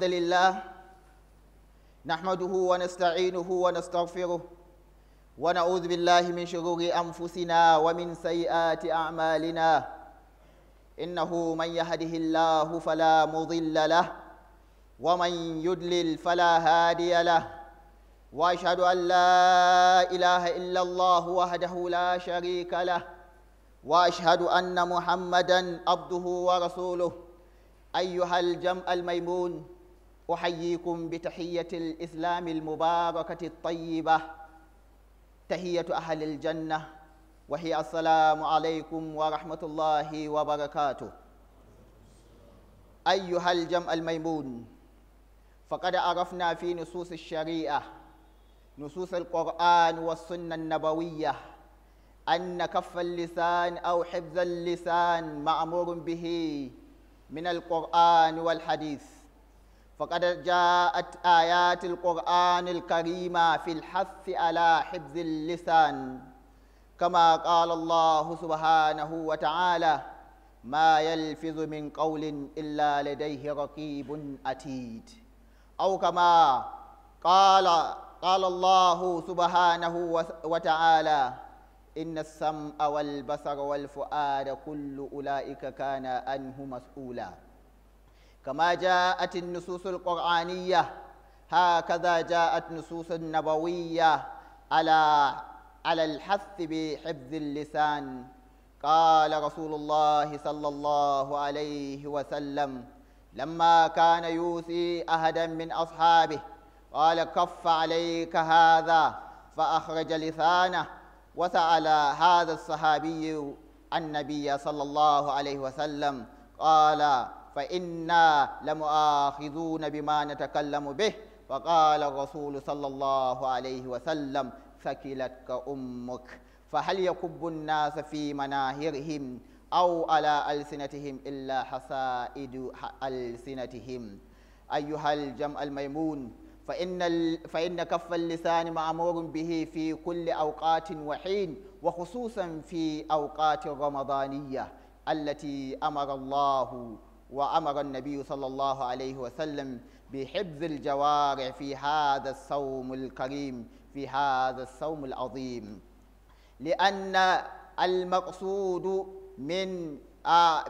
الحمد لله نحمده ونستعينه ونستغفره ونعوذ بالله من شرور أنفسنا ومن سيئات أعمالنا إنه من يهده الله فلا مضل له ومن يدلل فلا هادي له وأشهد أن لا إله إلا الله وحده لا شريك له وأشهد أن محمدا عبده ورسوله أيها الجمع الميمون أحييكم بتحية الإسلام المباركة الطيبة تحية أهل الجنة وهي السلام عليكم ورحمة الله وبركاته أيها الجمع الميمون فقد عرفنا في نصوص الشريعة نصوص القرآن والسنة النبوية أن كف اللسان أو حفظ اللسان مأمور به من القرآن والحديث فقد جاءت آيات القرآن الكريمة في الحث على حفظ اللسان كما قال الله سبحانه وتعالى ما يلفظ من قول إلا لديه رقيب أتيد أو كما قال قال الله سبحانه وتعالى إن السمع والبصر والفؤاد كل أولئك كان أنه مسؤولا كما جاءت النصوص القرآنية هكذا جاءت نصوص النبوية على على الحث بحفظ اللسان قال رسول الله صلى الله عليه وسلم لما كان يوصي أحدا من أصحابه قال كف عليك هذا فأخرج لسانه وسأل هذا الصحابي النبي صلى الله عليه وسلم قال فإنا لمؤاخذون بما نتكلم به وقال الرسول صلى الله عليه وسلم ثكلتك أمك فهل يكب الناس في مناهرهم أو على ألسنتهم إلا حسائد ألسنتهم أيها الجمع الميمون فإن, ال... فإن كف اللسان مأمور به في كل أوقات وحين وخصوصا في أوقات الرمضانية التي أمر الله وأمر النبي صلى الله عليه وسلم بحفظ الجوارع في هذا الصوم الكريم في هذا الصوم العظيم لأن المقصود من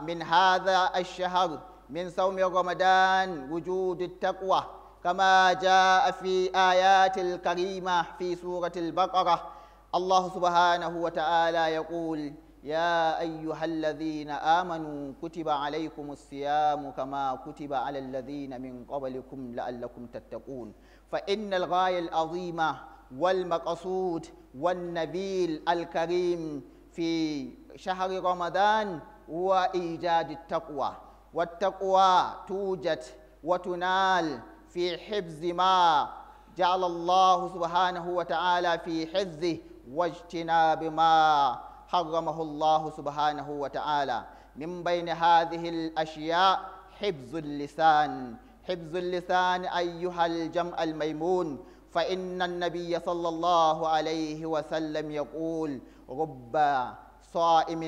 من هذا الشهر من صوم رمضان وجود التقوى كما جاء في آيات الكريمة في سورة البقرة الله سبحانه وتعالى يقول يا أيها الذين آمنوا كتب عليكم الصيام كما كتب على الذين من قبلكم لعلكم تتقون فإن الغاية العظيمة والمقصود والنبيل الكريم في شهر رمضان هو إيجاد التقوى والتقوى توجد وتنال في حفظ ما جعل الله سبحانه وتعالى في حفظه واجتناب ما حرمه الله سبحانه وتعالى من بين هذه الأشياء حفظ اللسان حفظ اللسان أيها الجمع الميمون فإن النبي صلى الله عليه وسلم يقول رب صائم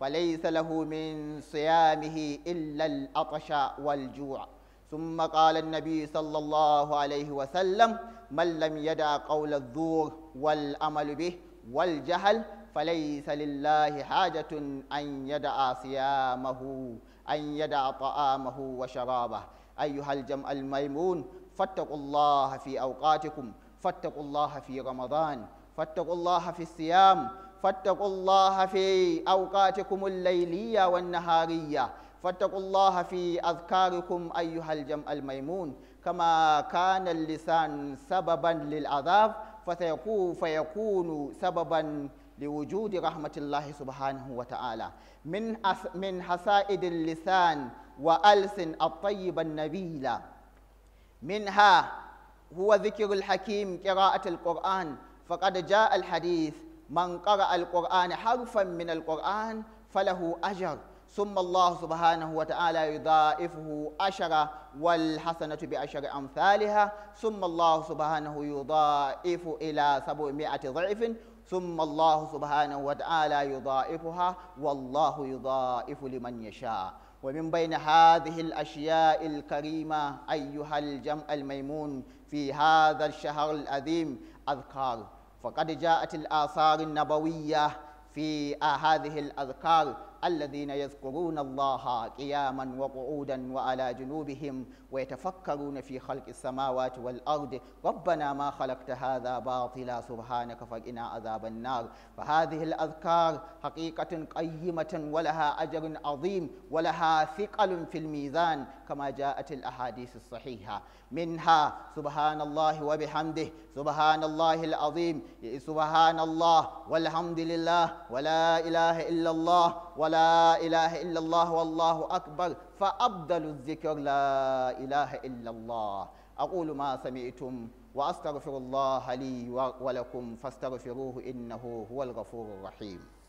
فليس له من صيامه إلا الأطشاء والجوع ثم قال النبي صلى الله عليه وسلم من لم يدع قول الزور والأمل به والجهل فليس لله حاجة أن يدع صيامه أن يدع طعامه وشرابه أيها الجمع الميمون فاتقوا الله في أوقاتكم فاتقوا الله في رمضان فاتقوا الله في الصيام فاتقوا الله في أوقاتكم الليلية والنهارية فاتقوا الله في أذكاركم أيها الجمع الميمون كما كان اللسان سببا للعذاب فسيكون فيكون سببا لوجود رحمة الله سبحانه وتعالى من من حسائد اللسان وألسن الطيب النبيلة منها هو ذكر الحكيم قراءة القرآن فقد جاء الحديث من قرأ القرآن حرفا من القرآن فله أجر ثم الله سبحانه وتعالى يضاعفه أشرة والحسنة بأشر أمثالها ثم الله سبحانه يضاعف إلى سبعمائة ضعف ثم الله سبحانه وتعالى يضائفها والله يضائف لمن يشاء ومن بين هذه الأشياء الكريمة أيها الجمع الميمون في هذا الشهر العظيم أذكار فقد جاءت الآثار النبوية في هذه الأذكار الذين يذكرون الله قياما وقعودا وعلى جنوبهم ويتفكرون في خلق السماوات والأرض ربنا ما خلقت هذا باطلا سبحانك فقنا عذاب النار فهذه الأذكار حقيقة قيمة ولها أجر عظيم ولها ثقل في الميزان كما جاءت الأحاديث الصحيحة منها سبحان الله وبحمده سبحان الله العظيم سبحان الله والحمد لله ولا إله إلا الله ولا ولا إله إلا الله والله أكبر فأبدل الذكر لا إله إلا الله أقول ما سمعتم وأستغفر الله لي ولكم فاستغفروه إنه هو الغفور الرحيم